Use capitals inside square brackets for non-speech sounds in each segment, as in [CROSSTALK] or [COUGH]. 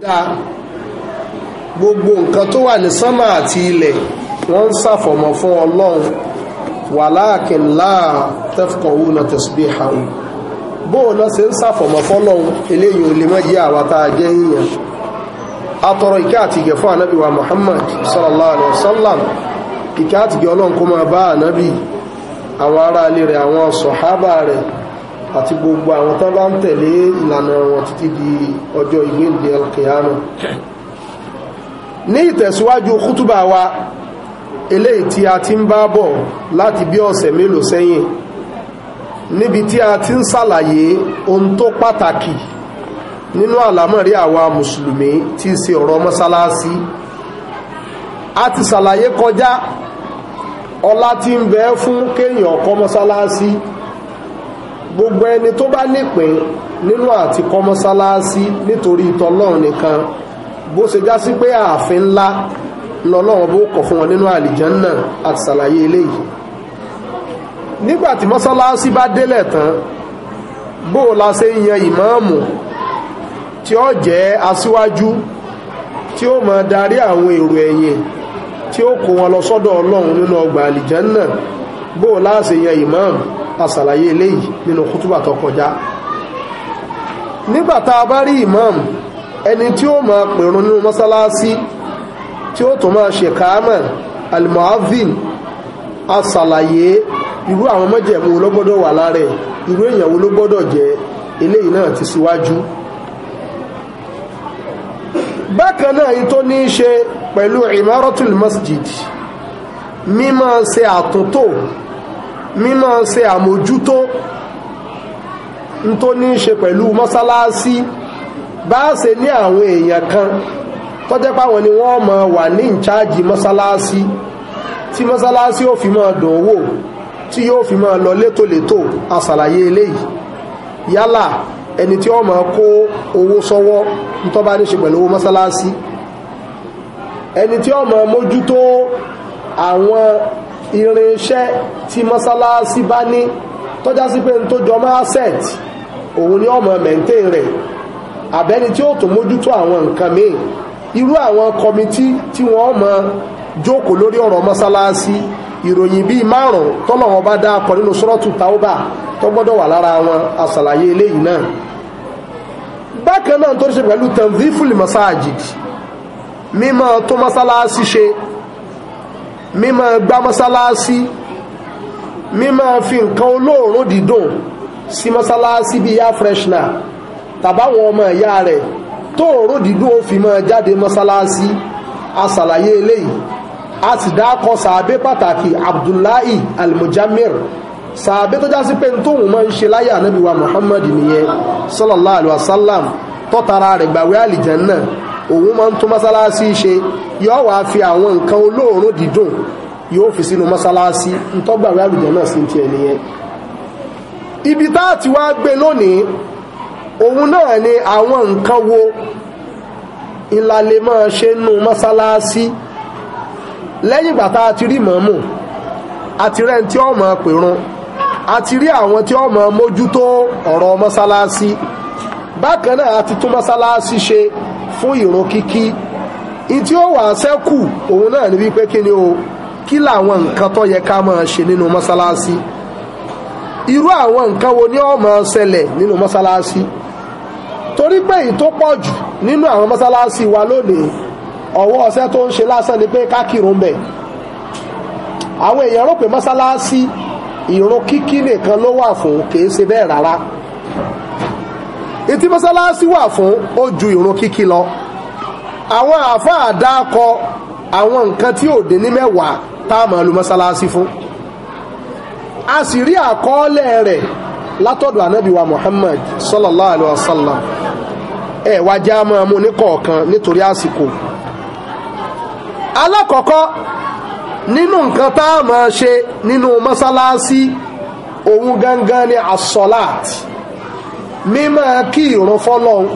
dáa gbogbo nǹkan tó wà ní sánmà àti ilẹ̀ wọ́n ń ṣàfọ̀mọ̀ fún ọlọ́run walakin la tafqahuna tasbihahum bóò náà ṣe ń ṣàfọ̀mọ̀ fọ́lọ́run eléyìí ò lè má jẹ́ àwa tá a jẹ́ yíyan atọrọ ìkẹ́ àti ìgẹ̀ fún ànábì wa Muhammad sallallahu alaihi wasallam ìkẹ́ àti ìgẹ̀ ọlọ́run kó máa bá ànábì àwọn ará ilé rẹ̀ àwọn sọ̀hábà rẹ̀ àti gbogbo àwọn tán bá ń tẹ̀lé ìlànà wọn títí di ọjọ́ ìgbéǹde alkiyama ní ìtẹ̀síwájú kútùbà wa eléyìí tí a ti ń bá bọ̀ láti bí ọ̀sẹ̀ mélòó sẹ́yìn níbi tí a ti ń ṣàlàyé ohun tó pàtàkì nínú àlámọ̀rí àwa mùsùlùmí tí í ṣe ọ̀rọ̀ mọ́sálásí a ti ṣàlàyé kọjá ọlá tí ń bẹ fún kéèyàn ọkọ mọ́sálásí gbogbo ẹni tó bá nípìn nínú àti kọ́ mọ́sálásí nítorí ìtọ́lọ́run nìkan bó ṣe já sí pé ààfin ńlá lọ́lọ́run bó kọ̀ fún wọn nínú àlìjánná àti ṣàlàyé eléyìí nígbàtí mọ́sálásí bá délẹ̀ tán bó la ṣe ń yan ìmáàmù tí ó jẹ́ aṣíwájú tí ó máa darí àwọn èrò ẹ̀yìn tí ó kó wọn lọ sọ́dọ̀ ọlọ́run nínú ọgbà àlìjánná náà bó o láàṣẹ yan imam àṣàlàyé eléyìí nínú kútùbà tó kọjá nígbà tá imam ẹni tí ó máa pèrún nínú mọ́sálásí tí ó tún máa ṣe káàmà almuazin àṣàlàyé irú àwọn mọ́jẹ̀mú ló gbọ́dọ̀ wà lára ẹ̀ irú èèyàn wo ló gbọ́dọ̀ jẹ́ eléyìí náà ti síwájú bákan náà yìí tó ní í ṣe pẹ̀lú imaratul masjid mímọ́ ṣe àtúntò mímọ́ ṣe àmójútó n tó ní ṣe pẹ̀lú mọ́sálásí bá ṣe ní àwọn èèyàn kan tó jẹ́ páwọn ni wọ́n mọ̀ wà ní ìcháàjì mọ́sálásí tí mọ́sálásí ò fi máa dùn wò tí yóò fi máa lọ létòlétò àṣàlàyé eléyìí yálà ẹni tí ó máa kó owó sọ́wọ́ tó bá ní ṣe pẹ̀lú owó mọ́sálásí ẹni tí ó máa mójútó àwọn irinṣẹ́ tí mọ́sálásí bá ní tọ́já sí pé n tó jọ máa set òun ni ọmọ maintain rẹ̀ àbẹ́ni tí ó tó mójútó àwọn nǹkan míì irú àwọn kọmití tí wọ́n mọ jókòó lórí ọ̀rọ̀ mọ́sálásí ìròyìn bíi márùn tọ́lọ̀wọ́n bá dá akọ nínú sọ́rọ́tù taoba tó gbọ́dọ̀ wà lára wọn àṣàlàyé eléyìí náà bákan náà tó ṣe pẹ̀lú tanziful masajid mímọ́ tó mọ́sálásí ṣe mímọ́ gbá mọ́sálásí mímọ́ fi nǹkan olóòórùn dídùn sí mọ́sálásí bíi air freshener tàbáwọn ọmọ ìyá rẹ̀ tó òórùn dídùn ó fi máa jáde mọ́sálásí asàlàyé eléyìí a sì dákọ sàábé pàtàkì Abdullahi Al-Mujamir sàábé tó jásí pé tóun máa ń ṣe láyé ànábìwá Muhammad nìyẹn sallallahu alayhi wa sallam tọ́tara rẹ̀ gbàwé àlìjẹ́ náà òun máa ń tún mọ́sálásí ṣe yóò wá fi àwọn nǹkan olóòórùn dídùn yóò fi sínú mọ́sálásí ntọ́gbàwé àlùjọ náà sí ti ẹni yẹn ibi tá a ti wá gbé lónìí òun náà ni àwọn nǹkan wo ńlá lè máa ṣe nú mọ́sálásí lẹ́yìn ìgbà tá a ti rí mọ̀ọ́mù àti rẹ́ni tí ó pèrun àti rí àwọn tí ó mójútó ọ̀rọ̀ mọ́sálásí bákan náà a ti tún mọ́sálásí ṣe fún ìrun kíkí ìtí ó wà sẹ́kù òun náà ni wípé kí ni o kí làwọn nǹkan tó yẹ ká máa ṣe nínú mọ́sálásí irú àwọn nǹkan wo ni ó máa ṣẹlẹ̀ nínú mọ́sálásí torí pé èyí tó pọ̀ jù nínú àwọn mọ́sálásí wa lónìí ọ̀wọ́ ọ̀sẹ́ tó ń ṣe lásán ni pé kákìrún bẹ̀ àwọn èèyàn rò pé mọ́sálásí ìrun kíkí nìkan ló wà fún kìí ṣe bẹ́ẹ̀ rárá ìtí mọ́sálásí wà fún ó ju ìrun kíkí lọ àwọn àáfàá dákọ àwọn nǹkan tí ò dé ní mẹ́wàá tá a máa lu mọ́sálásí fún a sì rí àkọọ́lẹ̀ rẹ̀ látọ̀dọ̀ anábìwa Muhammad sallallahu alayhi wa sallam ẹ̀ wá jẹ́ a máa mú ní kọ̀ọ̀kan nítorí àsìkò alákọ̀ọ́kọ́ nínú nǹkan tá a máa ṣe nínú mọ́sálásí òun gangan ni asọ́láàtì mímọ́ kí ìrun fọ́lọ́hun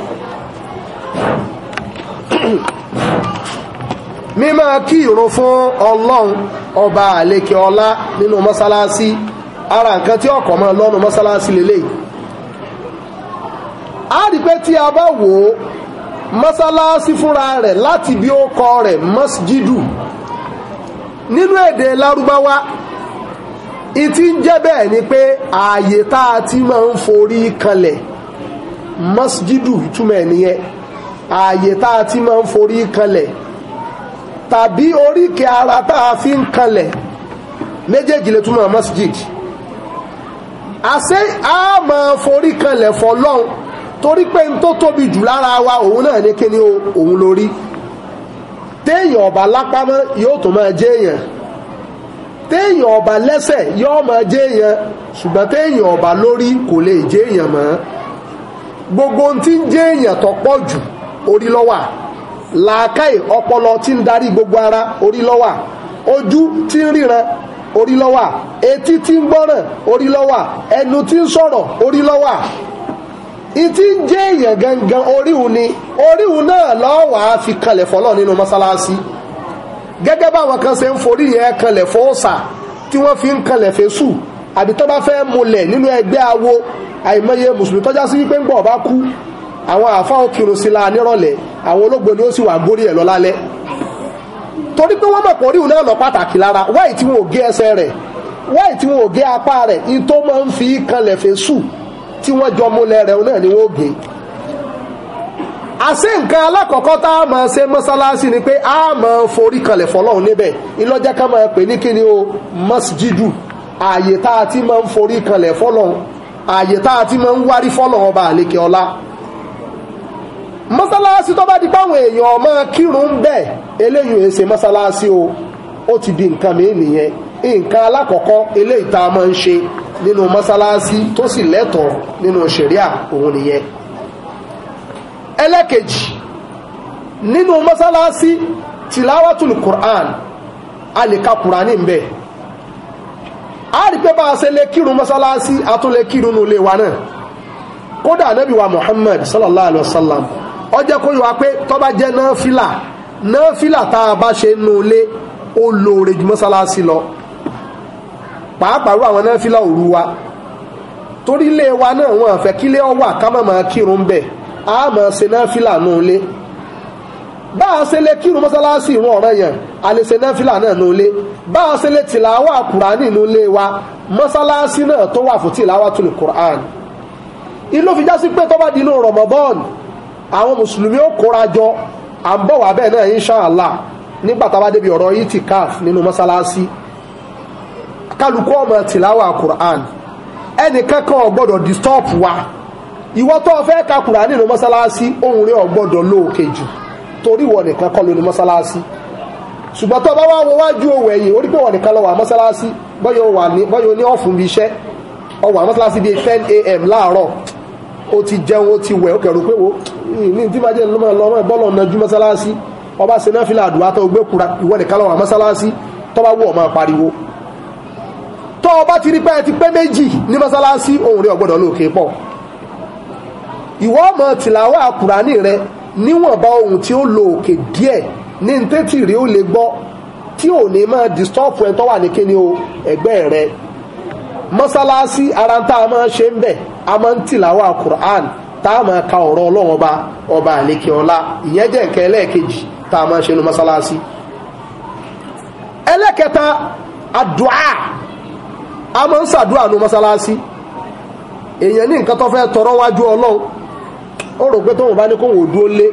mímọ́ kí ìrun fún ọlọ́hun ọba àlekè ọlá nínú mọ́sálásí ara nǹkan tí ọkọ̀ mọ́ lọ́nu mọ́sálásí lélẹ̀ a rí pé tí a bá wò ó mọ́sálásí fúnra rẹ̀ láti bí ó kọ rẹ̀ mọ́síjídù nínú èdè lárúbáwá ìtí ń jẹ́ bẹ́ẹ̀ ni pé ààyè tá a ti máa ń forí kanlẹ̀ masjidu ìtumọ̀ ẹ̀ ààyè tá a ti máa ń forí kanlẹ̀ tàbí oríkèé ara tá a fi ń kanlẹ̀ méjèèjì lè túmọ̀ masjid àṣé a máa forí kanlẹ̀ fọlọ́n torí pé n tó tóbi jù lára wa òun náà ní kíni òun lórí téèyàn ọba lápámọ́ yóò tó máa jẹ́ èèyàn téèyàn ọba lẹ́sẹ̀ yóò máa jẹ́ èèyàn ṣùgbọ́n téèyàn ọba lórí kò lè jẹ́ èèyàn mọ́ gbogbo tí ń jẹ́ èèyàn tó pọ̀ jù orí lọ́wà làákàì ọpọlọ tí ń darí gbogbo ara orí lọ́wà ojú tí ń ríran orí lọ́wà etí tí ń gbọ́ràn orí lọ́wà ẹnu tí ń sọ̀rọ̀ orí lọ́wà ìtí ń jẹ́ èèyàn gangan oríhun ni oríhun náà lọ́wàá fi kanlẹ̀ fọlọ́ nínú mọ́sálásí gẹ́gẹ́ báwọn kan ṣe ń forí yẹn kanlẹ̀ fọ́ọ̀sà tí wọ́n fi ń kanlẹ̀ fẹ́sù àbí tó bá fẹ́ múlẹ̀ nínú ẹgbẹ́ awo àìmọye mùsùlùmí tọ́já sí wípé ń gbọ́ kú àwọn àfáà kírun sí la nírọ̀lẹ́ àwọn olóògbé ni ó sì wà górí ẹ̀ torí pé wọ́n mọ̀ pọ̀ náà lọ pàtàkì lára wáì tí wọn ò gé ẹsẹ̀ rẹ̀ tí wọn ò gé apá rẹ̀ in tó máa ń fi kanlẹ̀ náà ni wọ́n gé nǹkan alákọ̀ọ́kọ́ tá a máa ni pé a máa forí kanlẹ̀ fọlọ́run níbẹ̀ máa pè ní o ààyè tá a ti máa ń forí kanlẹ̀ fọ́lọ́n ààyè tá a ti máa ń wárí fọ́lọ́n ọba ọlá mọ́sálásí tó bá di páwọn èèyàn ọmọ kírun eléyìí ò o ó ti di nǹkan mi nìyẹn nǹkan alákọ̀ọ́kọ́ eléyìí tá a máa ń ṣe nínú mọ́sálásí tó sì lẹ́tọ̀ọ́ nínú ṣẹ̀ríà òun nìyẹn ẹlẹ́kejì nínú mọ́sálásí tìláwàtúlù a ka kurani a rí pé bá a ṣe lè kírun mọ́sálásí a tún lè kírun nù lè wa náà kódà wa Muhammad sallallahu alayhi wa sallam ó jẹ́ kó yọ wa pé tó bá jẹ́ náfìlà náfìlà tá a bá ṣe nù lé ó lóore ju mọ́sálásí lọ pàápàá rú àwọn náfìlà òru wa torí lé wa náà wọn àfẹ́ kílé máa kírun bẹ́ẹ̀ a máa ṣe náfìlà nù lé. ba a kírun mọ́sálásí ìrún ọ̀ràn yẹn àlèṣe náà ní olé a kùránì ní olé wa mọ́sálásí náà tó wà fún kùránì ìlú fi pé Ramadan àwọn mùsùlùmí ó kóra jọ à ń bọ̀ wá bẹ́ẹ̀ náà inṣàlá nígbà itikaf nínú mọ́sálásí ọmọ kùránì ẹnìkan kan disturb wa fẹ́ ka kùránì nínú torí wọ nìkan kọ́ ló ní mọ́sálásí ṣùgbọ́n tó bá wá wọ wájú òwò ẹ̀yìn orí pé wọ nìkan lọ wà mọ́sálásí bọ́yọ̀ wà ní bọ́yọ̀ ní ọ̀fun bí iṣẹ́ ọwà mọ́sálásí bíi ten a.m. láàárọ̀ ó ti jẹun ó ti wẹ̀ ó kẹ̀rù pé wo ní tí bá jẹ́ lọ́mọ lọ́mọ bọ́ọ̀lù ọ̀nàjú mọ́sálásí ọba ṣe náà fìlà àdúrà tó gbé kura ìwọ nìkan lọ wà mọ́sálásí tó bá wù ọ́ máa pariwo tó ọba ti rí pé ti pé méjì ní mọ́sálásí òun rí ọgbọ́dọ̀ lóòkè pọ̀ ìwọ ọmọ tìlàwọ́ àkùrá ní rẹ níwọ̀nba ohun tí ó lo òkè díẹ̀ ní tẹ́tì rí ó lè gbọ́ tí ò ní máa distọ́ọ̀fù nike tó o ẹ̀gbẹ́ rẹ mọ́sálásí ara tá a máa ṣe ń a máa ń Qur'an tá a ka ọ̀rọ̀ ọlọ́run ọba ọba àlékè ọlá ìyẹn jẹ́ nǹkan ẹlẹ́ẹ̀kejì tá a máa ṣe nu mọ́sálásí ẹlẹ́kẹta a máa ń mọ́sálásí tọrọ wájú ọlọ́run ó rò pé tóun bá ní kóun ò dúró lé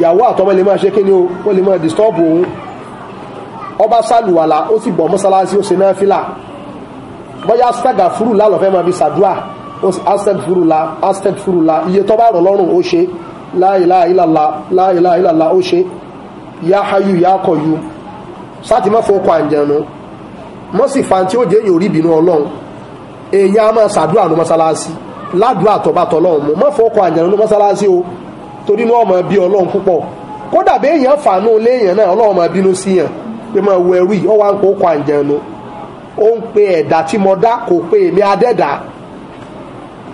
ìyàwó àtọmọ lè máa ṣe kí ni o ó lè máa disturb òun ọba sálùwàlà ó sì bọ̀ mọ́sálásí ó ṣe náfìlà bóyá furu fúrùlá lọ́fẹ́ máa fi sàdúà astag fúrùlá astag fúrùlá iye tó bá rọ̀ lọ́rùn ó ṣe la ilaha illallah la ilaha illallah ó ṣe ya hayu ya kọ̀yu sáti má fọkọ àǹjẹ̀nu mọ́sì fa tí ó jẹ́ èèyàn orí ọlọ́run èèyàn á máa sàdúà ní mọ́sálásí ládùú àtọ̀bá tọlọ́run mọ̀ mọ́ fọkọ̀ àjànà ló mọ́sálásí o torí ní ọmọ bí ọlọ́run púpọ̀ kódà bí èèyàn fàánú léèyàn náà ọlọ́run máa bínú sí yàn pé máa wọ ẹrú yìí ó wá ń pò kọ àjànà ó ń pe ẹ̀dá tí mo dá kò pe èmi adẹ́dà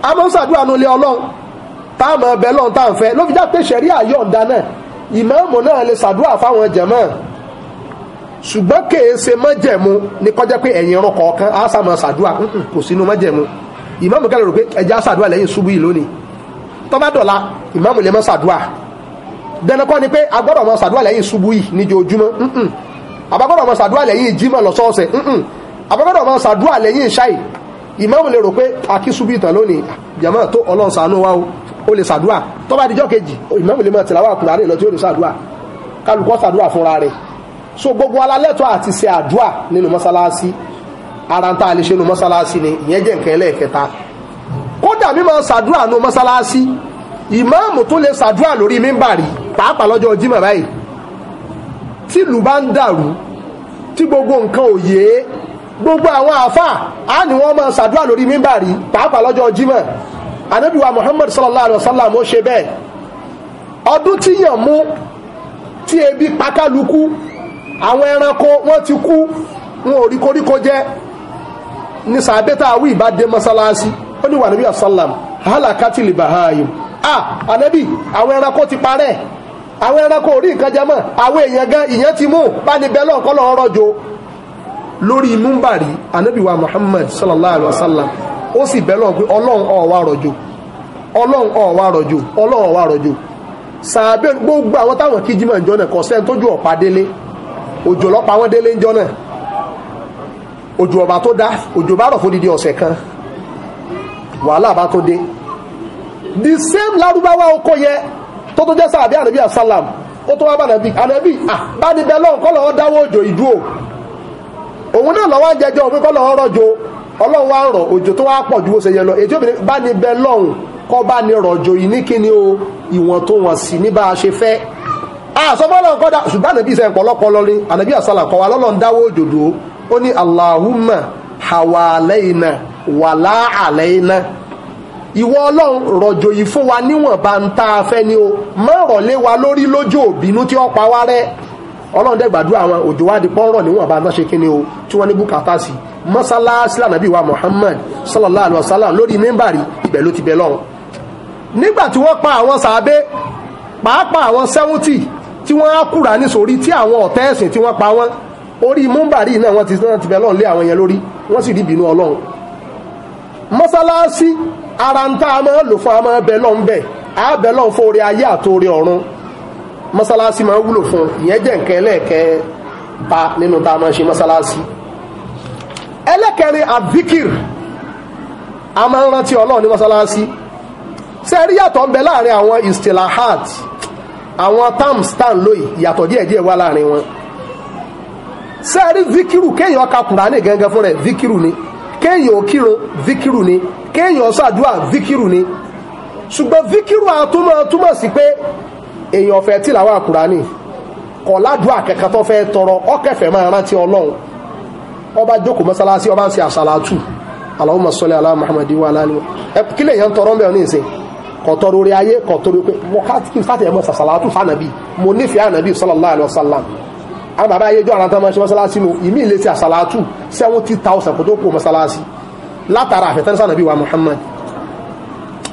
a máa ń ṣàdúrà nulẹ̀ ọlọ́run tá a máa bẹ lọ́run tá à ń fẹ́ ló fi já pé ṣẹ̀rí àyọ̀ǹda náà ìmáàmù náà lè ṣàdúrà fáwọn jàmá ṣùgbọ́n kèé ṣe májẹ̀mú ni kọjá pé ẹ̀yìn ọ̀rọ̀ kọ̀ọ̀kan á sàmọ̀ ṣàdúrà kò sínú májẹ̀mú ìmáàmù kẹlẹ̀ rò pé ẹja sàdúà lẹ́yìn ṣubú yìí lónìí tọ́ba dọ̀la ìmáàmù lè mọ́ sàdúà dẹnukọ́ ni pé agbọ́dọ̀ mọ́ sàdúà lẹ́yìn ṣubú yìí níjojúmọ́ àbágbọ́dọ̀ mọ́ sàdúà lẹ́yìn jímọ̀ lọ́sọ̀ọ̀sẹ̀ àbágbọ́dọ̀ mọ́ sàdúà lẹ́yìn ṣáì ìmáàmù lè rò pé àkí ṣubú ìtàn lónìí jàmọ́ tó ọlọ́run wa ó lè sàdúà tọ́ba dijọ́ kejì ìmáàmù lè mọ́ tìlàwà kùnárì lọ tí ó lè sàdúà kálukọ́ sàdúà fúnra rẹ̀ so gbogbo alalẹ́tọ̀ àti ṣe àdúà nínú mọ́sálásí ara ń tá a lè ṣe nu mọ́sálásí ni ìyẹn jẹ́ nǹkan ẹlẹ́ẹ̀kẹta kódà mi máa ń ṣàdúrà nu mọ́sálásí ìmáàmù tún lè ṣàdúrà lórí mímbàrí pàápàá lọ́jọ́ jímọ̀ báyìí tí ìlú bá ń dàrú tí gbogbo nǹkan ò yé gbogbo àwọn àáfàá á ní wọ́n máa ṣàdúrà lórí mímbàrí pàápàá lọ́jọ́ jímọ̀ anábìwá Muhammad sallallahu alayhi wa sallam ó ṣe bẹ́ẹ̀ ọdún tí yàn mú tí ebi pa kálukú àwọn ẹranko wọ́n ti kú wọn ò rí koríko jẹ ní sàbẹ́tà àwí ìbádé mọ́sálásí ó ní wà níbi àsálàm hálàkátì lè a áyò à ànábì àwọn ẹranko ti parẹ́ àwọn ẹranko orí nǹkan jẹ mọ́ àwọn èèyàn gan ìyẹn ti mú bá ní bẹ́ẹ̀ lọ́nkọ́ lọ́ọ́ rọ́jò lórí múmbàrí ànábì wa Muhammad sallallahu alayhi wa sallam ó sì bẹ́ẹ̀ lọ́n pé ọlọ́run ọ̀wá rọ̀jò ọlọ́run ọ̀wá rọ̀jò ọlọ́run ọ̀wá rọ̀jò sàbẹ́ gbogbo àwọn táwọn kíjìmọ̀ ìjọ náà kọ̀ òjò ọba tó dá òjò bá rọ̀ fún dídí ọ̀sẹ̀ kan wàhálà bá tó dé the same lárúbáwá oko yẹ tó tó jẹ́ sàbí ànábì àsálàm ó tó wá bá ànábì ànábì àbáni bẹ́ẹ̀ lọ́wọ́ kọ́ lọ́wọ́ dáwọ́ òjò ìdú o òun náà lọ́wọ́ jẹjọ òun kọ́ lọ́wọ́ rọ̀jò ọlọ́run wá rọ̀ òjò tó wá pọ̀ ju bó ṣe yẹ lọ ètò obìnrin bá ní bẹ́ẹ̀ lọ́hùn kọ́ bá ní rọ̀jò yìí ní kíni o ìwọ̀n tó wọ̀n sí ní bá a ṣe fẹ́ àsọfọ́lọ́ kọ́dà ṣùgbọ́n ànábì sẹ́ ń pọ̀ lọ́pọ̀ lọ́rin ó ní Allahumma hawalaina wàlá àlẹ́iná ìwọ ọlọ́run rọ̀jò yìí fún wa níwọ̀nba ń tá a ni o má rọ̀lé wa lórí lójú òbínú tí ó pa wá rẹ́ ọlọ́run dẹ̀ gbàdúrà àwọn òjò wá di pọ́nrọ̀ níwọ̀nba ń ṣe kíni o tí wọ́n ní bùkátà sí mọ́sálásí lànàbí wa Muhammad sallallahu alayhi wa sallam lórí mímbàrí ibẹ̀ ló ti bẹ lọ́run nígbà tí wọ́n pa àwọn sàábé pàápàá àwọn sẹ́wọ́ntì tí wọ́n á kúrà nísorí tí àwọn ọ̀tẹ́ẹ̀sìn tí wọ́n pa wọ́n orí mumbari náà wọ́n ti náà ti bẹ̀ lọ́n lé àwọn yẹn lórí wọ́n sì rí ìbínú ọlọ́run mọ́sálásí ara ń tá a máa lò fún a máa bẹ lọ́n bẹ̀ a bẹ lọ́n fún orí ayé àtòrí ọ̀run mọ́sálásí máa wúlò fún ìyẹn jẹ́ nǹkan ẹlẹ́ẹ̀kẹ́ ba nínú tá a máa ṣe mọ́sálásí ẹlẹ́kẹrin àdíkìr a máa ń rántí ọlọ́run ní mọ́sálásí ṣe rí yàtọ̀ ń bẹ láàrin àwọn istilahat àwọn tam lóyè yàtọ̀ díẹ̀díẹ̀ wà láàrin wọn sẹ́ẹ̀rí zikiru kéèyàn ka kùránì gẹ́gẹ́ fún rẹ̀ vikiru ni kéèyàn kírun zikiru ni kéèyàn ṣàdúà zikiru ni ṣùgbọ́n zikiru àtúmọ̀ túmọ̀ sí pé èèyàn fẹ́ tìlàwà kùránì kọ̀ ládùá kẹ̀kẹ́ tó fẹ́ tọrọ ọkẹfẹ́ máa rántí ọlọ́run ọba jókòó mọ́sálásí ọba ń ṣe àṣàlátù Allahumma salli ala Muhammadi wa aláàlú ẹ kí lè yẹn tọrọ ń bẹ̀rẹ̀ ní ìsìn kọ̀tọ́ lórí ayé kọ̀tọ́ lórí pé mo ká kí n sáà tẹ̀ mọ́ àṣàlátù fánàbí mo nífẹ̀ẹ́ ànàbí sallallahu alaihi wasallam àwọn bàbá ayéjọ àwọn tán máa ṣe mọ́sálásí nù ìmí ilé ti àsàlátù seventy thousand kò tó kó mọ́sálásí látara àfẹ́tẹ́nsá nàbí wa Muhammad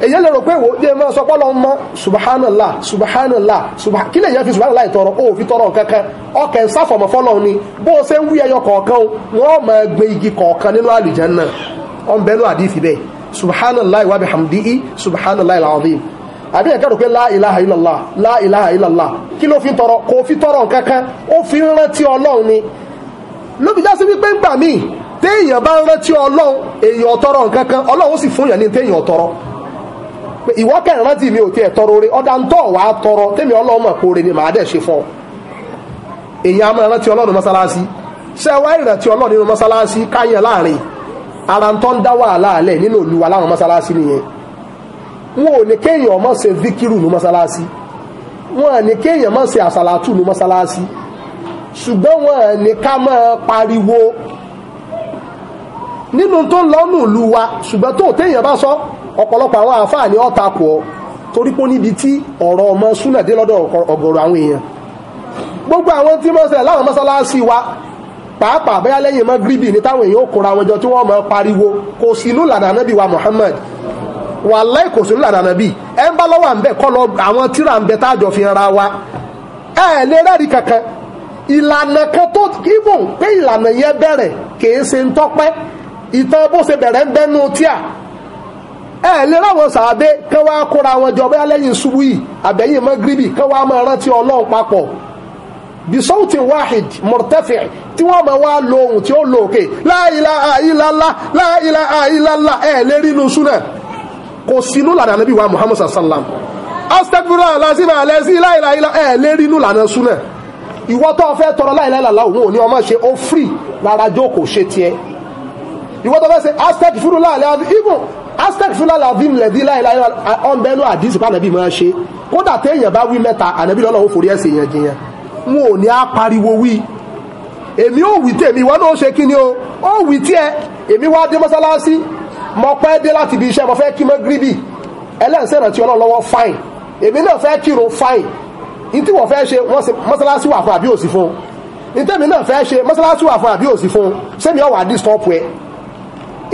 èyí lè rò pé wo jẹ́ mọ́ sọ pọ́lọ mọ́ subhanallah subhanallah subhanallah kí lè yẹn fi subhanallah ìtọrọ ó fi tọrọ kankan ọkẹ̀ sáfọ̀mọ̀ fọ́lọ̀ ni bó ṣe ń wí ẹyọ kọ̀ọ̀kan wọ́n máa gbé igi kọ̀ọ̀kan nínú àlùjánnà ọ̀nbẹ́nu àdífi bẹ́ẹ̀ subhanallah wa bihamdihi subhanallah al-azim àbí ẹ̀kẹ́ rò pé láìláha ìlàlá láìláha ìlàlá kí ló fi tọrọ kò fi tọrọ kankan ó fi ń rántí ọlọ́run ni ló fi já sí wípé ńgbà míì téèyàn bá ń rántí ọlọ́run èèyàn tọrọ kankan ọlọ́run ó sì fún yàn ní téèyàn tọrọ pé ìwọ kẹrin rántí mi ò tiẹ̀ tọrọ oore ọ̀dà ń tọ̀ wá tọrọ tèmi ọlọ́run mọ̀ kóore ni màá dẹ̀ ṣe fún ọ èèyàn á máa rántí ọlọ́run mọ́sálásí ṣé wá ìrántí ọlọ́run nínú mọ́sálásí káyàn láàrin ara ń tọ́ ń dá wàhálà alẹ́ nínú òluwa láwọn mọ́sálásí nìyẹn wọn ò ní kéèyàn má ṣe zikiru ní masalasi; wọn ò ní kéèyàn má ṣe asalatu ní masalasi; ṣùgbọ́n wọn ò ní ká máa pariwo nínú tó ń lọ́nù ìlú wa ṣùgbọ́n tó téèyàn bá sọ ọ̀pọ̀lọpọ̀ àwọn àáfàá ọmọ súnà dé lọ́dọ̀ ọ̀gọ̀rọ̀ àwọn gbogbo àwọn tí láwọn mọ́sálásí wa pàápàá lẹ́yìn mọ́ gíríbì ní táwọn èèyàn kóra wọn jọ tí pariwo kò sínú Muhammad wàláì kò sí lànà nàbí ẹ ń bá lọ́wọ́ à ń bẹ̀ kọ́ lọ àwọn tíra ń bẹ tá a jọ fi ra wa ẹ lè rẹ́ẹ̀rí kankan ìlànà kan tó kíbò pé ìlànà yẹn bẹ̀rẹ̀ kìí ṣe ń tọ́pẹ́ ìtàn bó ṣe bẹ̀rẹ̀ ń bẹ́nu tíà ẹ lè ráwọn sàábé kán wá kóra wọn jọ bóyá lẹ́yìn ṣubú yìí àbẹ̀yìn mọ́gíríbì kán wá máa rántí ọlọ́run papọ̀ bisauti wahid murtafi tí wọ́n máa wá lo ohun tí ó lo òkè la ilaha illallah la ilaha illallah ẹ lè rí inú súnà kò sínú lànà nàbí wa muhammad sallam astagfirullah alazim alẹ́sí láìláìlá ẹ̀ lérí inú lànà súnà ìwọ tó o fẹ́ tọrọ láìláìlá òun ò ní ọmọ ṣe ó free rárá jókòó ṣe tiẹ̀ ìwọ tó fẹ́ ṣe astagfirullah alazim ibùn astagfirullah alazim lẹ́dí láìláìlá ọ̀nbẹ́nu àdìsí pa nàbí máa ṣe kódà téèyàn bá wí mẹ́ta ànàbí lọ́lọ́ òfòrí ẹ̀sìn yẹn jiyàn wọn ò ní á pariwo wí èmi ò wí tèmi wọn náà ṣe kí ni o ó wí tiẹ̀ èmi wá dé mọ́sálásí mo pẹ́ dé láti ibi iṣẹ́ mo fẹ́ kí mọ́gíríbì ẹlẹ́sìn ìrántí ọlọ́run lọ́wọ́ fine èmi náà fẹ́ kírun fine ní tí wọ́n fẹ́ ṣe mọ́sálásí wà fún àbí òsì fún ní tẹ́mi náà fẹ́ ṣe mọ́sálásí wà fún àbí òsì fún sẹ́mi ọ̀wà disturb ẹ̀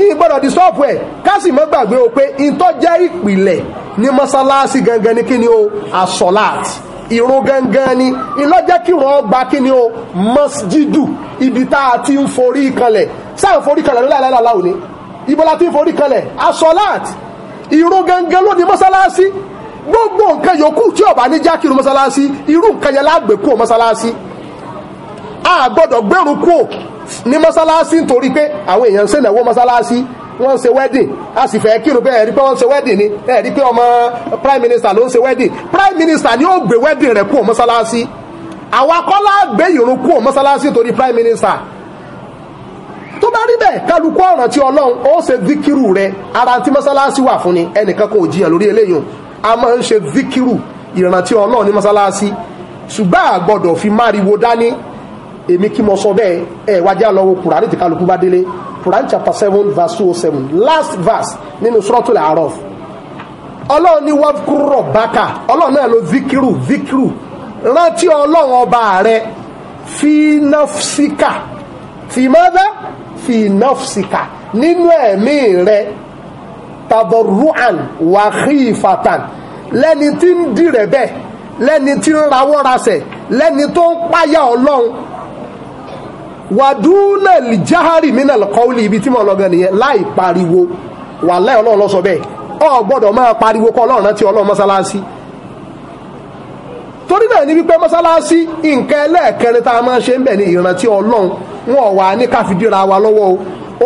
ìgbọ́dọ̀ disturb ẹ̀ kásì mọ́ gbàgbé o pé ìtọ́ jẹ́ ìpìlẹ̀ ní mọ́sálásí gangan ní kíni o asọ́láàt ìrun gangan ni iná jẹ́ kí wọ́n gba kíni o mọ́sídù ibi tá a ti ń forí kanlẹ̀ sáà forí kanlẹ̀ lọ́láìláìláìláì ìbọ̀lá tí ń forí kalẹ̀ asọ́láàt ìró gangan ló ní mọ́sálásí gbogbo nǹkan yòókù tí ọba ní jákìrù mọ́sálásí irú nǹkan yẹn lágbè kúò mọ́sálásí a gbọ́dọ̀ gbẹ̀rù kúò ní mọ́sálásí nítorí pé àwọn èèyàn ń sènàwó mọ́sálásí wọ́n ń ṣe wedding a sì fẹ́ kírun bẹ́ẹ̀ rí pé wọ́n ń ṣe wedding ni ẹ̀ rí pé ọmọ prime minister ló ń ṣe wedding prime minister ni ó gbé wedding rẹ̀ kúò mọ́sálásí àwa kọ́ lágbé ìrun kúò mọ́sálásí torí prime minister tó bá rí bẹ́ẹ̀ kálukú ọ̀ràn tí ọlọ́run ó ṣe díkìrù rẹ ara tí mọ́sálásí wà fún ni ẹnìkan kò jiyàn lórí eléyìí a máa ń ṣe díkìrù ìrántí ọlọ́run ní mọ́sálásí ṣùgbọ́n a gbọ́dọ̀ fi máriwo dání èmi kí mo sọ bẹ́ẹ̀ ẹ wájá lọ́wọ́ kùránì tí kálukú bá délé kùránì chapter seven verse two oh seven last verse nínú suratul A'raf ọlọ́run ní wọ́kúrọ̀ bákà ọlọ́run náà ló zikiru zikiru rántí ọlọ́run ọba rẹ fi nafsika fi fi nafsika nínú ẹ̀mí rẹ tadarruan wa khifatan lẹ́ni tí ń dìrẹ̀ bẹ́ẹ̀ lẹ́ni tí ń rawọ́ rasẹ̀ lẹ́ni tó ń páyà ọlọ́run wàdúnà jáhárì mí náà kọ́ wílì ibi tí mo lọ́gán nìyẹn láì pariwo wàláì ọlọ́run ló sọ bẹ́ẹ̀ o gbọ́dọ̀ máa pariwo kọ́ ọlọ́run rántí ọlọ́run mọ́sálásí torí ni wípé mọ́sálásí nǹkan ẹlẹ́ẹ̀kẹrin tá a máa ṣe ń bẹ̀ ní ìrántí ọlọ́run wọn ò wà ní káfíndínra wa lọ́wọ́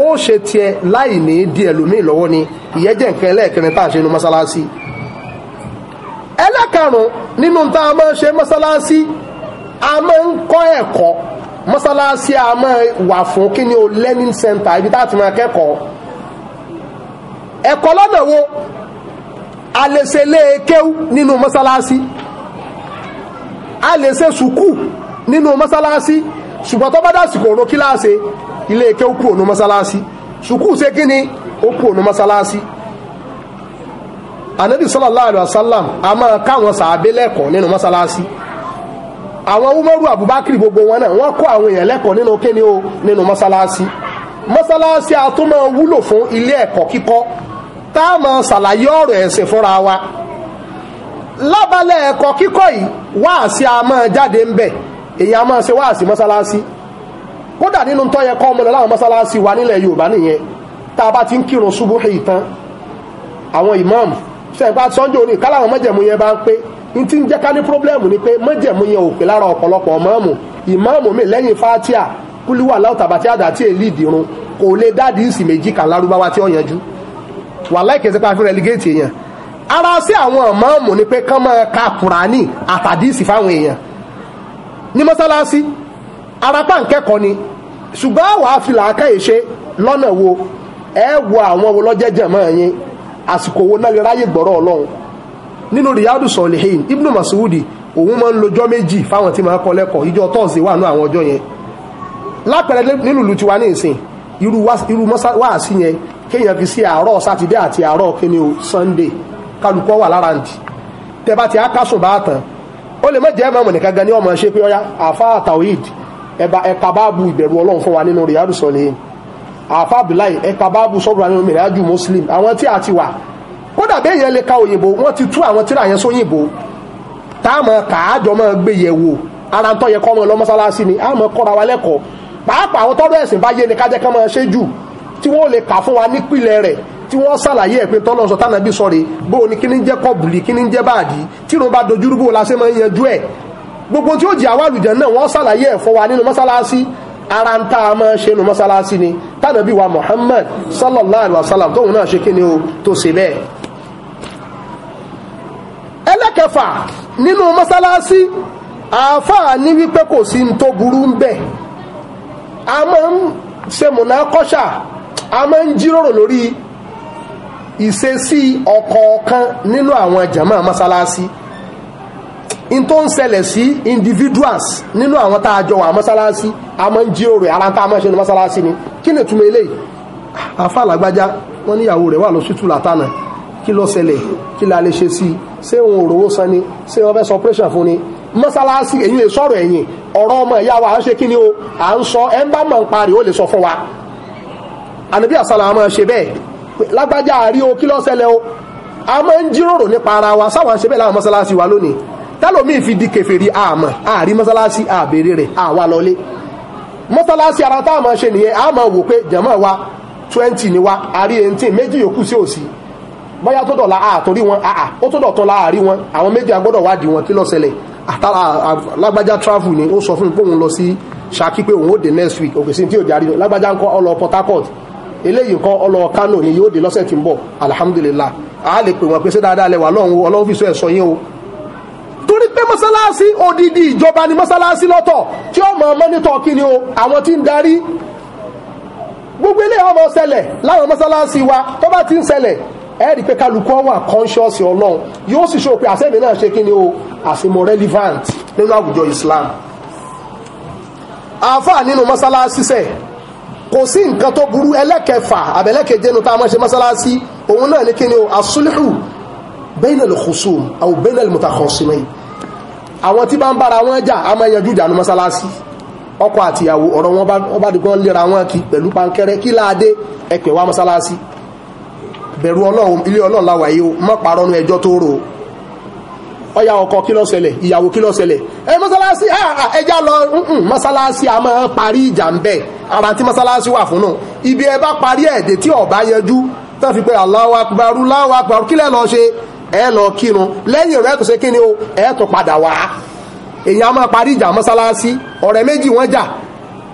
o ó ṣe tiẹ̀ láì ní di ẹlòmíì lọ́wọ́ ni ìyẹn jẹ́ nǹkan ẹlẹ́ẹ̀kẹrin tá a ṣe nu mọ́sálásí ẹlẹ́karùn nínú tá a máa ṣe a máa ń kọ́ ẹ̀kọ́ mọ́sálásí a máa wà fún kí ni o learning center ibi tá a ti máa kẹ́kọ̀ọ́ wo àlèṣe kéwú nínú mọ́sálásí a lè ṣe sùkú nínú mọ́sálásí ṣùgbọ́n tó bá dásìkò òun kí láàṣe ilé ike ó kú òun mọ́sálásí sùkú ṣe kí ni ó kú òun mọ́sálásí anabi sallallahu alayhi wa sallam a máa káwọn sàábé lẹ́kọ̀ọ́ nínú mọ́sálásí àwọn umaru abubakar gbogbo wọn náà wọ́n kọ́ àwọn èèyàn lẹ́kọ̀ọ́ nínú kíni o nínú mọ́sálásí mọ́sálásí a tún máa wúlò fún ilé ẹ̀kọ́ kíkọ́ tá a máa ṣàlàyé ọ̀rọ̀ ẹ̀sìn fúnra wa lábálẹ̀ ẹ̀kọ́ kíkọ́ yìí wáàsí a máa jáde ń bẹ̀ èyí a máa ṣe wáàsí mọ́sálásí kódà nínú tó yẹ kọ́ ọmọ lọ láwọn mọ́sálásí wa nílẹ̀ yorùbá nìyẹn tá a bá ti ń kírun ṣubú ìtàn àwọn ìmáàmù sẹ́gbà sọ́njọ́ òní káláwọn mọ́jẹ̀mú yẹn bá ń pé n ti ń jẹ́ ká ní pírọ́blẹ́mù ni pé mọ́jẹ̀mú yẹn ò pé lára ọ̀pọ̀lọpọ̀ ìmáàmù ìmáàmù mi lẹ́yìn fatia kúlíwà láwùtàbàtì àdàtì èlì ìdìrun kò lè dádìí ìsì méjì kan lárúbáwá tí ó ara sí àwọn ìmáàmù ni pé kán máa ka kùránì àtàdísì fáwọn èèyàn ní mọ́sálásí arapá nkẹ́kọ̀ọ́ ni ṣùgbọ́n àwọ̀ àfilà akáyè ṣe lọ́nà wo ẹ wo àwọn wo lọ́jẹ́jẹ̀ mọ́ ẹ̀yìn àsìkò wo náà lè ráyè gbọ́rọ̀ ọlọ́run nínú riyadu sọ̀lẹ̀hìn ibnu masudi òun máa ń lojọ́ méjì fáwọn tí máa kọ́ lẹ́kọ̀ọ́ ìjọ tọ́ọ̀sì wà ní àwọn ọjọ́ yẹn lápẹẹrẹ nílùú lu tiwa ní ìsìn irú wáàsí yẹn kéèyàn fi sí àárọ̀ sátidé àti àárọ̀ kíni sunday kálukọ́ wà lára ǹdì tẹ bá ti á kásùn bá tán ó lè mọ́ jẹ́ ẹ̀mọ́mù nìkan gan ní ọmọ ṣe pé ọyá àfa tawhid ẹ̀ka báàbù ìbẹ̀rù ọlọ́run fún wa nínú riyadu sọ̀lẹ́yìn àfa abdullahi ẹ̀ka báàbù sọ́dọ̀ nínú riyadu muslim àwọn tí a ti wà kódà bẹ́ẹ̀ yẹn lè ka òyìnbó wọ́n ti tú àwọn tíra yẹn sóyìnbó táàmù kàájọ máa gbé yẹ̀ wò ara ń tọ́ yẹ kọ́ ọmọ ọlọ́mọsálásí ni àmọ́ kọ́ra wa lẹ́kọ̀ọ́ pàápàá àwọn tọ́rọ ẹ̀sìn bá yé ni ká jẹ́ ká tí wọ́n sàlàyé ẹ̀ pé tọ́lọ́ sọ tánàbí sọ̀rẹ́ bó o ní kí ní jẹ́ kọ́bùlì kí ní jẹ́ báàdì tí irun bá dojú rúbò la ṣe máa ń yanjú ẹ̀ gbogbo tí ó jẹ́ àwọn àlùjẹ náà wọ́n sàlàyé ẹ̀ fọwà nínú mọ́sálásí ara ń tá a máa ṣe nínú mọ́sálásí ni tánàbí wa Muhammad sallallahu alaihi wasallam tóun náà o tó ṣe bẹ́ẹ̀ ẹlẹ́kẹfà nínú mọ́sálásí àáfàá ní wípé kò sí ní tó burú ń bẹ̀ mọ̀nà kọ́ṣà a ń jíròrò lórí ìṣesí ọ̀kọ̀ọ̀kan nínú àwọn jàmá mọ́sálásí in tó ń ṣẹlẹ̀ sí individuals nínú àwọn tá a jọ wà mọ́sálásí a máa ń jíròrò ara tá a máa ṣe ní mọ́sálásí ni kí ni túnmọ̀ eléyìí àfa làgbájá wọ́n níyàwó rẹ̀ wà lọ́sítù látànà kí ló ṣẹlẹ̀ kí la lè ṣe sí i ṣé òun ò rówó san ni ṣé wọ́n fẹ́ sọ operation fún ni mọ́sálásí èyí lè sọ̀rọ̀ ẹ̀yìn ọ̀rọ̀ ọmọ ìyá wa à ń ṣe kí ni o à ń sọ ẹ̀ ń bá mọ̀ ń parí ó lè sọ fún wa ànàbí àsálà máa ṣe bẹ́ẹ̀ lágbájá àrí o kí ló ṣẹlẹ̀ o a máa ń jíròrò nípa ara wa sáwọn ṣe bẹ́ẹ̀ láwọn mọ́sálásí wa lónìí tẹ́lòmíì fi di kèfèrí àmọ́ àrí mọ́sálásí àbèrè rẹ̀ àwa lọlé mọ́sálásí ara tá a máa ṣe nìyẹn a máa wò pé jẹ̀mọ́ wa twenty ni wa àrí eighteen méjì yòókù sí òsì bóyá tó dọ̀la àtòrí wọn àà ó tó dọ̀tún láàrí wọn àwọn méjì agbọ́dọ̀ wádìí wọn kí ló ṣẹlẹ̀ àtàlà lágbájá travel ni ó sọ fún un pé òun lọ sí Ṣakí pé òun ó dé next week òkè sí ti ò jáde lágbájá ń kọ́ ọ lọ Port Harcourt eléyìí kan ọlọ kánò ni yóò dé lọ́sẹ̀ tí ń bọ̀ alhamdulillah a lè pè wọ́n pé ṣé dáadáa lẹ́wà lọ́hùn ọlọ́run fi sọ ẹ̀ sọ yín o torí pé mọ́sálásí odidi ìjọba ni mọ́sálásí lọ́tọ̀ tí ọmọ mọ́nítọ̀ kí ni o àwọn tí ń darí gbogbo ilé ọmọ ṣẹlẹ̀ láwọn mọ́sálásí wa tó bá ti ń ṣẹlẹ̀ ẹ rí i pé kálukú wà conscious ọlọ́run yóò sì ṣe òpin àṣẹ́mi náà ṣe kí ni o àṣemọ relevant nínú àwùjọ Islam àáfàá nínú mọ́sálásí sẹ́ẹ̀ kò sí nǹkan tó burú ẹlẹ́kẹfà àbẹ̀lẹ́kẹjẹnu tá a máa ṣe mọ́sálásí òun náà ní kíni o asúlùhù bainal khusum aw bainal mutakhasimin àwọn tí bá ń bára wọn jà a máa yanjú ìjà ní mọ́sálásí ọkọ àtìyàwó ọ̀rọ̀ wọn bá dìgbọ́n lera wọn kí pẹ̀lú pankẹ́rẹ́ kí láadé ẹ̀pẹ̀ wá mọ́sálásí bẹ̀rù ọlọ́run ilé ọlọ́run láwàyé o má parọ́nu ẹjọ́ tó rò ọya ọkọ kí ló ṣẹlẹ̀ ìyàwó kí ló masalasi, ẹ mọ́sálásí ẹjá lọ mọ́sálásí a máa parí ìjà ń bẹ̀ ara tí mọ́sálásí wà fún náà ibi ẹ bá parí ẹ̀dẹ̀ tí ọ̀bá yẹjú tán fi pé Allahu Akbar Allahu Akbar kí lẹ́ lọ ṣe ẹ lọ kírun lẹ́yìn rẹ̀ tó ṣe kí ni o ẹ tó padà wá èyí a máa parí ìjà mọ́sálásí ọ̀rẹ́ méjì wọ́n jà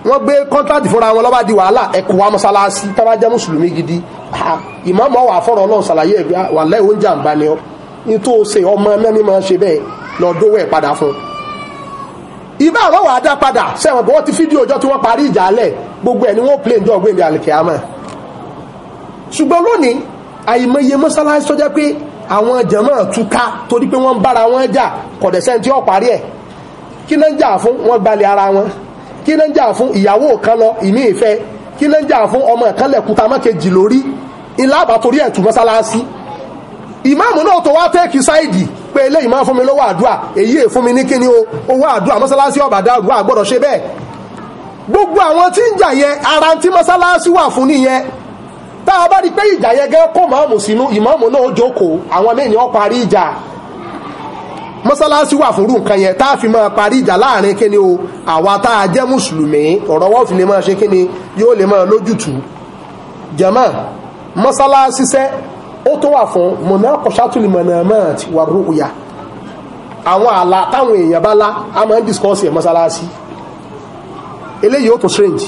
wọ́n gbé kọ́ńtàtì fúnra wọn lọ́ba di wàhálà ẹ̀kọ́ wa mọ́sálásí tábàjẹ́ mùsùlùmí gidi ìmọ̀ọ́mọ́ wà fọ́rọ̀ ọlọ́run ṣàlàyé ẹ̀bí wà lẹ́yìn oúnjẹ àǹbá nítorí o ṣe ọmọ náà ní máa ṣe bẹ́ẹ̀ lọ dówó ẹ̀ padà fún un ibà àbáwọ̀ adá padà sẹ́wọ̀n bí wọ́n ti fídíò ọjọ́ tí wọ́n parí ìjà alẹ̀ gbogbo ẹ̀ ni wọ́n plé ǹjọ́ ọ̀gbìn àlìkìyàmà ṣùgbọ́n lónìí àìmọye mọ́sálásí tó jẹ́ pé àwọn jàmá túká torí pé wọ́n ń bára wọn jà kọ̀dẹ̀sẹ́ni tí ó parí ẹ̀ kí náà ń jà fún wọ́n gbalẹ̀ ara wọn kí náà ń jà fún ìyàwó kan lọ ìmí ìfẹ́ kí náà ń jà fún ọmọ ìkànlẹ̀kúta mọ́kejì lórí ìlàbà torí ẹ̀tù mọ́sálásí ìmáàmù náà tó wá tẹ́ẹ̀kì sáìdì pé eléyìí máa fún mi lówó àdúrà èyí è fún mi ní kíni o owó àdúrà mọ́sálásí ọ̀bà dàrú àgbọ́dọ̀ ṣe bẹ́ẹ̀ gbogbo àwọn tí ń jà yẹn ara tí mọ́sálásí wà fún nìyẹn tá a bá rí pé ìjà yẹn gẹ́ kó máàmù sínú ìmáàmù náà jókòó àwọn míì ni wọ́n parí ìjà mọ́sálásí wà fún nǹkan yẹn tá a fi máa parí ìjà láàrin kíni o àwa tá a jẹ́ mùsùlùmí ọ̀rọ̀ wọ́n fi lè máa ṣe kíni yóò lè máa lójútùú jàmáà mọ́sálásí sẹ́ ó tó wà fún munaqashatul manamat wa ru'ya àwọn àlá táwọn èèyàn bá lá a máa ń discuss ẹ̀ mọ́sálásí eléyìí ó tó strange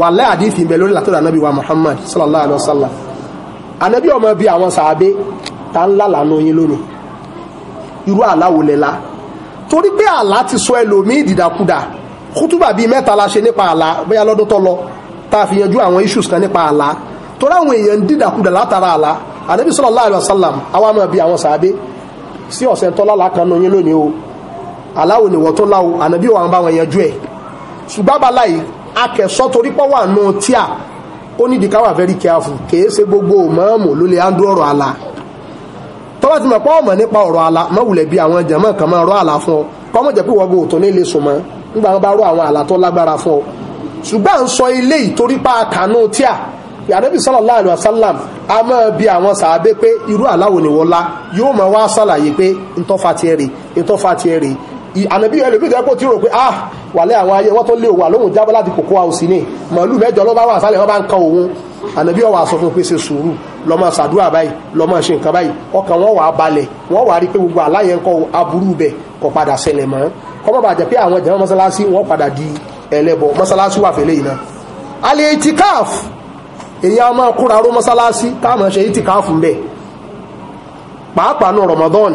wà láì àdífì ìbẹ̀ lórí látọ̀dọ̀ anábì wa Muhammad sallallahu alaihi wasallam anábì ọmọ bí àwọn sàábé ta ń lálàá lóyìn lónìí irú àláwò lẹ́la torí pé àlá ti sọ ẹlòmíì la ṣe nípa àlá bóyá lọ́dún tó lọ tá a fi yanjú àwọn issues kan nípa èèyàn ń látara àlá ànábì sallallahu alaihi wasallam àwọn àmọ́ bí àwọn sàábé sí ọ̀sẹ̀ tọ́lá lákanú yín lónìí o aláwo ni wọ́n tó láwo ànábì wà ń bá wọn yanjú ẹ̀ ṣùgbọ́n bá láyìí akẹ̀sọ́ torí pọ́ wà nù tíà ó ní dìkáwà very careful kìí ṣe gbogbo mọ́ọ̀mù ló lè ándú ọ̀rọ̀ àlà tọ́wọ́ ti mọ̀ pọ́ ọ̀mọ̀ nípa ọ̀rọ̀ àlà mọ́wùlẹ̀ bí àwọn jẹ̀mọ́ kan máa rọ́ àlà yàrẹ́bí sallallahu alaihi a máa bi àwọn sàábé pé irú àláwò ni wọ́n lá yóò máa wá sàlàyé pé ntọ́fà ti ẹ̀rì ntọ́fà ti ẹ̀rì ànàbí ẹlòmíì tó yẹ tí rò pé ah wàlẹ́ àwọn ayé wọ́n tó lé òwò àlóhùn jábọ́ láti kòkó àwọn òsì màálù mẹ́jọ ló bá wà sálẹ̀ wọ́n bá ń kan òun ànàbí ọwà sọ fún sùúrù lọ́mọ sàdúrà báyìí lọ́mọ ṣe nǹkan báyìí ọkàn wọn wà á balẹ̀ wà á rí pé gbogbo àláyé ń kọ́ aburú bẹ̀ kọ́ padà ṣẹlẹ̀ mọ́ kọ́mọ́ bàjẹ́ pé àwọn jẹ̀mọ́ mọ́sálásí wọ́n padà di ẹlẹ́bọ mọ́sálásí wà fẹ́lẹ́ yìí èyí a máa kóra ró mọ́sálásí táàmà ṣe ìtì káàfù ń bẹ̀ pàápàá nù Ramadan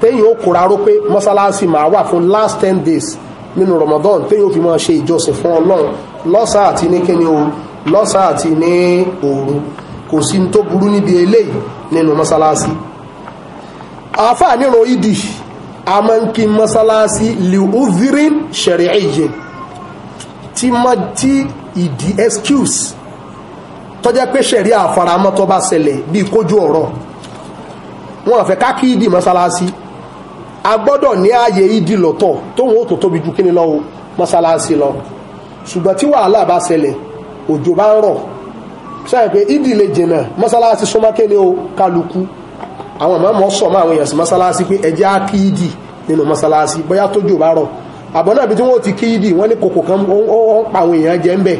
téyìn ó kóra ró pé mọ́sálásí máa wà fún last ten days nínú Ramadan téyìn ó fi máa ṣe ìjọsìn fún Ọlọ́run lọ́sàn àti ní kíni o lọ́sàn àti ní òru kò sí tó burú níbi eléyìí nínú mọ́sálásí àáfàá nírun ìdì a mọ́sálásí liuvirin shari'iyye tí ìdí excuse tọ́jẹ́ pé ṣẹ̀rí àfaramọ́ tó bá ṣẹlẹ̀ bíi kójú ọ̀rọ̀ wọn fẹ́ ká kí ìdí mọ́sálásí a gbọ́dọ̀ ní ààyè ìdí lọ́tọ̀ tóun ó tó tóbi ju kíni lọ́wọ́ mọ́sálásí lọ ṣùgbọ́n tí wàhálà bá ṣẹlẹ̀ òjò bá ń rọ̀ sẹ́yìn pé ìdí lè jìnà mọ́sálásí súnmọ́kẹ́ ní o kálukú àwọn ìmọ̀ọ́mọ́ sọ mọ́ àwọn èèyàn sí pé ẹjẹ́ á kí ìdí nínú mọ́sálásí bóyá tójò bá rọ̀ àbọ̀ náà bí tí wọ́n ti kí ìdí wọ́n ní kòkò kan ó ń pa àwọn èèyàn jẹ ń bẹ̀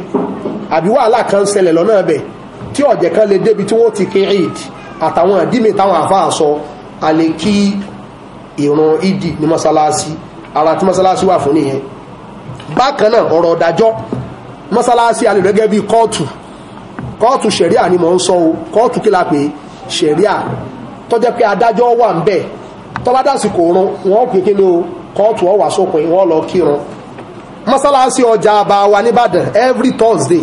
àbí wàhálà kan ṣẹlẹ̀ lọ́nà bẹ̀ tí ọ̀jẹ̀ kan lè débi tí wọ́n ti kí eid àtàwọn àdímì táwọn àfáà sọ a lè kí ìrun ìdì ní mọ́sálásí ara tí mọ́sálásí wà fún nìyẹn bákan náà ọ̀rọ̀ ọ̀dájọ́ mọ́sálásí a lè rẹ́gẹ́ bí kóòtù kóòtù ṣẹ̀ríà ni mò ń sọ o kóòtù kí la pè ṣẹ̀ríà tó jẹ́ pé adájọ́ wà ń bẹ̀ tọ́ládàsì kò run wọ́n pè kí ni o kóòtù ọ̀wà sópin wọ́n lọ kírun mọ́sálásí ọjà àbáwa nìbàdàn every thursday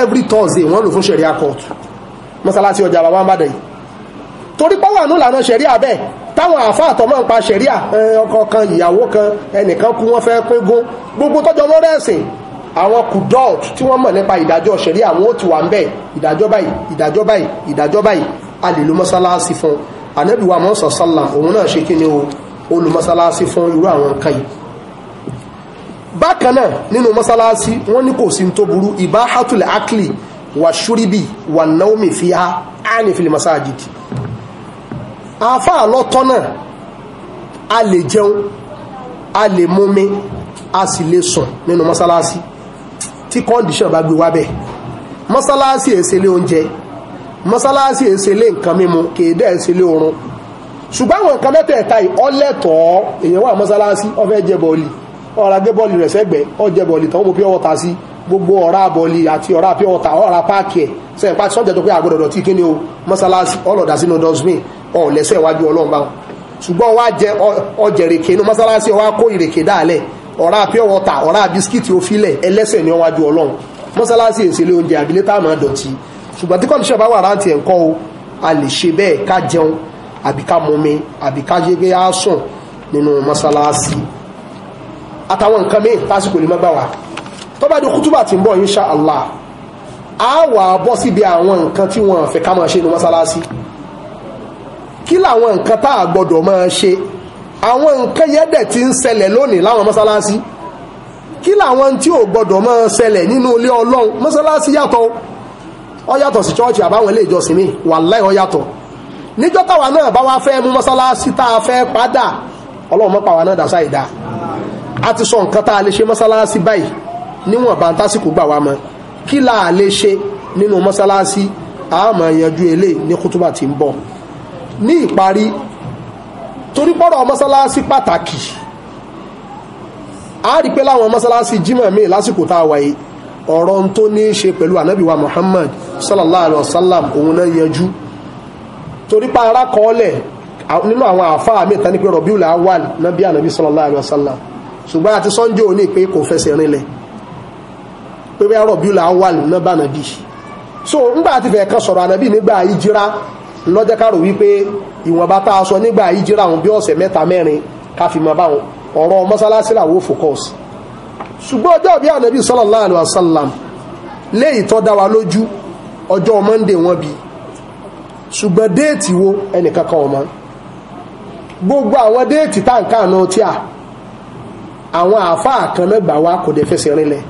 every thursday wọ́n lò fún sẹ̀ríà court mọ́sálásí ọjà àbáwa nìbàdàn yìí torí pọ́wọ́ àánú lànà sẹ̀ríà bẹ́ẹ̀ táwọn àáfàá tọmọ ń pa sẹ̀ríà ọkọ kan ìyàwó kan ẹnìkan kú wọ́n fẹ́ pín gún gbogbo tọ́jọ́ lọ́rẹ́ ẹ̀sìn àwọn kudot tí wọ́n mọ̀ nípa ìdájọ́ sẹ̀ríà wọn ó ti wà ń bẹ̀ ìdájọ́ báyìí ìdájọ́ báyìí ìdájọ́ báyìí a lè lo mọ́sálásí fún ànábìwá mọ́sán sálà òun náà ṣe kí ni o ó lo mọ́sálásí fún irú àwọn nǹkan yìí bákan náà nínú mọ́sálásí wọ́n ní kò sí tó burú ibahatul akli wà ṣúríbì wà náómì fi ha á ní fil masajid afá àlọ́tọ́ náà a lè jẹun a lè mumi a sì lè sùn nínú mọ́sálásí tí kọ́ndíṣàn bá gbé wá bẹ́ẹ̀ mọ́sálásí èsèlé oúnjẹ mọ́sálásí èsèlé nǹkan mímu kèédé èsèlé oorun ṣùgbọ́n àwọn nǹkan mẹ́tẹ̀ẹ̀ta ọlẹ́tọ̀ọ́ èèyàn wà mọ́sálásí ó ọ̀rá gbé bọ́ọ̀lì rẹ̀ sẹ́gbẹ̀ẹ́ ọ̀jẹ̀ bọ́ọ̀lì tọ́wọ́ pure water sí gbogbo ọ̀rá bọ́ọ̀lì àti ọ̀rá pure water ọ̀rá páàkì ẹ̀ sẹ́yìn pàtí sọ́jà tó pé àgbọ̀dọ̀dọ̀ tí kíni o mọ́sálásí ọlọ́dà sínú dustbin ọ̀lẹ́sẹ̀ iwájú ọlọ́run bá wọn ṣùgbọ́n wá jẹ ọjẹ̀ rèké inú mọ́sálásí ọwá kó ìrèké dáàlẹ̀ ọ̀rá pure water ọ̀rá bisikíìtì òfilẹ̀ ẹlẹ́sẹ̀ ní ọwájú ọlọ́run mọ́sálásí èsèlé oúnjẹ àbílẹ̀ táàmù àdọ̀tí ṣùgbọ́n tí kọ́ndíṣọ̀ bá wà rántí ẹ̀ ń kọ́ o a lè ṣe bẹ́ẹ̀ ká jẹun àbí ká mumi àbí ká yege á sùn nínú mọ́sálásí àtàwọn nǹkan míì tásìkò lè mọ́gbà wá tó bá di kútúbà tí ń bọ̀ insha Allah a wà bọ́ síbi àwọn nǹkan tí wọ́n fẹ́ ká máa ṣe ní mọ́sálásí kí làwọn nǹkan tá a gbọ́dọ̀ máa ṣe àwọn nǹkan yẹn dẹ̀ ti ń ṣẹlẹ̀ lónìí láwọn mọ́sálásí kí làwọn tí ò gbọ́dọ̀ máa ṣẹlẹ̀ nínú ilé ọlọ́run mọ́sálásí yàtọ̀ ó yàtọ̀ sí chọ́ọ̀chì àbáwọn ilé ìjọsìn mi wàláì ó yàtọ̀ níjọ́ táwa náà bá wá fẹ́ mú mọ́sálásí tá a fẹ́ padà ọlọ́run mọ́pàá wa náà dá sáì dáa a ti sọ nǹkan tá a lè ṣe mọ́sálásí báyìí níwọ̀n bá ń gbà wá mọ́ kí là á lè ṣe nínú mọ́sálásí a máa yanjú eléyìí ní kútúbà tí ń bọ̀ ní ìparí torí pọ́rọ̀ mọ́sálásí pàtàkì a rí pé láwọn mọ́sálásí jímọ̀ míì lásìkò tá a wáyé ọ̀rọ̀ tó ní í ṣe pẹ̀lú ànábìwá Muhammad sallallahu alayhi wa sallam òun náà yanjú torí pa ara kọ́ọ́lẹ̀ nínú àwọn àfáà mẹ́ta ní pé rọ̀bíùlà wà nábí ànábì sallallahu alayhi wa sallam ṣùgbọ́n àti sunday òní pé kò fẹsẹ̀ rinlẹ̀ pé bẹ́ẹ̀ rọ̀bí là wà lónà bá nàbí so ńgbà àti fẹ̀ kan sọ̀rọ̀ ànàbí nígbà ìjírá lọ́jọ́ kárò wípé ìwọ̀nba tá a sọ nígbà ìjírá àwọn bí ọ̀sẹ̀ mẹ́ta mẹ́rin báwọn ọ̀rọ̀ mọ́sálásí ṣùgbọ́n ọjọ́ bí ànàbí àwọn àáfàá kan náà gbà wá kò dẹ̀ fẹsẹ̀ rinlẹ̀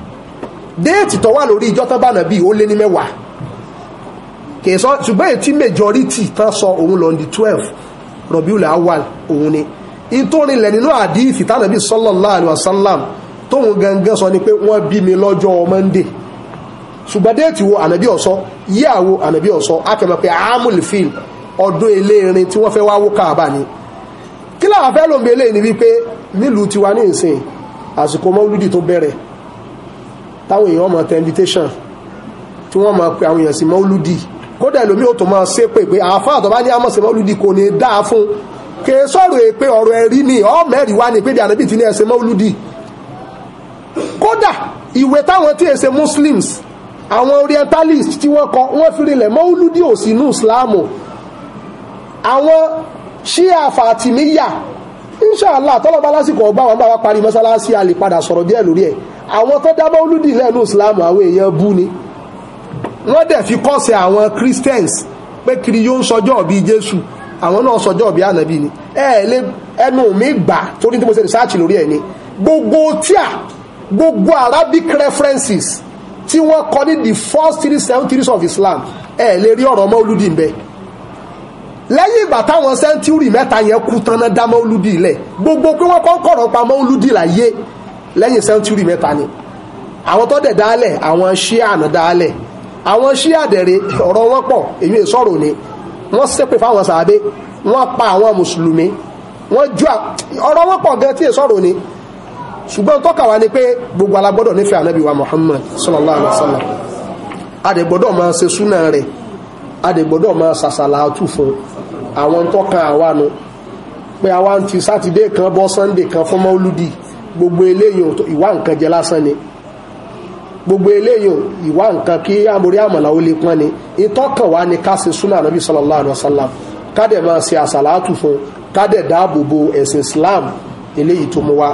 déètì tó wà lórí ìjọ tán bá nàbí ó lé ní mẹ́wàá kìí sọ ṣùgbọ́n ètí majority tán sọ òun lọ ní twelve Rabiul Awwal òun ni ìtòrinlẹ̀ nínú àdíìsì tánàbí sallallahu alaihi wasallam tóun gangan sọ ni pé wọ́n bí mi lọ́jọ́ Monday ṣùgbọ́n déètì wo ànàbí ọ̀sọ́ yíyàwó ànàbí ọ̀sọ́ akẹ́mọ̀ pé amúlì fíìl ọdún eléerin tí wọ́n fẹ́ wá wó káàbà ni kí láwọn fẹ́ lòun bí eléyìí ni wípé nílùú tiwa ní ìsìn àsìkò mọ́lúdì tó bẹ̀rẹ̀ táwọn èèyàn máa tẹ invitation tí wọ́n máa pe àwọn èèyàn sí mọ́lúdì kódà ẹlòmí ò tó máa ṣe pé pé àáfà àtọ́bá ní àmọ̀sí mọ́lúdì kò ní dáa fún kí sọ̀rọ̀ èpè ọ̀rọ̀ ẹ̀rí ni ọ̀mẹ́rì wá ní ìpéde ànábì tí ní ẹ̀sẹ̀ mọ́lúdì kódà ìwé táwọn tí èsè muslims àwọn orientalist tí wọ́n kọ wọ́n fi rinlẹ̀ mọ́lúdì ò sínú ìsìláàmù àwọn ṣíà fàtìmíyà inṣàlá tọ́lọ́ba lásìkò ọgbà wọn bá parí mọ́sálásí a lè padà sọ̀rọ̀ díẹ̀ lórí ẹ̀ àwọn tó dábọ́ olùdí lẹ́nu islam àwọn èèyàn bú ni wọ́n dẹ̀ fi kọ́sẹ̀ àwọn christians pé kiri yóò ń sọjọ́ bí jésù àwọn náà sọjọ́ bí ànábì ni ẹ lé ẹnu mi gbà torí tí mo ṣe research lórí ẹ̀ ni gbogbo tíà gbogbo arabic references tí wọ́n kọ ní the first three seven three of islam ẹ lè rí ọ̀rọ̀ ọmọ olùdí ń bẹ́ẹ̀ lẹ́yìn ìgbà táwọn sẹ́ńtúrì mẹ́ta yẹn kú tán ná dá mọ́lúdì lẹ̀ gbogbo pé wọ́n kàn kọ̀rọ̀ pa mọ́lúdì láyé lẹ́yìn sẹ́ńtúrì mẹ́ta ni àwọn tó dẹ̀ dálẹ̀ àwọn ṣíà náà dálẹ̀ àwọn ṣíà dẹ̀rẹ̀ ọ̀rọ̀ wọn pọ̀ èyí sọ̀rọ̀ ni wọ́n ṣépè fáwọn sàábé wọ́n pa àwọn mùsùlùmí wọ́n ju ọ̀rọ̀ wọn pọ̀ gan tí èyí sọ̀rọ̀ ni ṣùgbọ́n tọ́ka wa ni pé gbogbo alágbọ́dọ̀ nífẹ̀ẹ́ ànábì wa Muhammad sallallahu alaihi wa sallam adẹ̀gbọ́dọ̀ máa ṣe súnà rẹ̀ a dẹ̀ gbọ́dọ̀ máa ṣàṣàlà àtú fún àwọn tọ́ka àwa nu pé àwa ń fi sátidé kan bọ́ sannde kan fún mọ́lúdì gbogbo eléyìí ìwà nǹkan jẹ lásán ni gbogbo eléyìí ìwà nǹkan kí amórí àmàlà ó lè pọ́n ni ìtọ́kàn wa ni ká ṣe súnà ànábì sallallahu alaihi wasallam ká dẹ̀ máa ṣe àṣàlà àtú fún ká dẹ̀ dáàbò bo ẹ̀sìn Islam eléyìí tó mú wa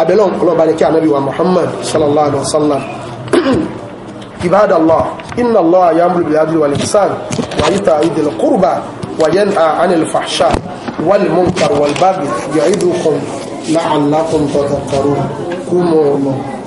abẹ́lọ́n ọlọ́ba ní kí ànábì wa Muhammad sallallahu alaihi wasallam [CLEARS THROAT] ibadallah inna Allah yamuru bil adli wal ihsan حديث عيد القربى وينهى عن الفحشاء والمنكر والبغي يعظكم لعلكم تذكرون قوموا الله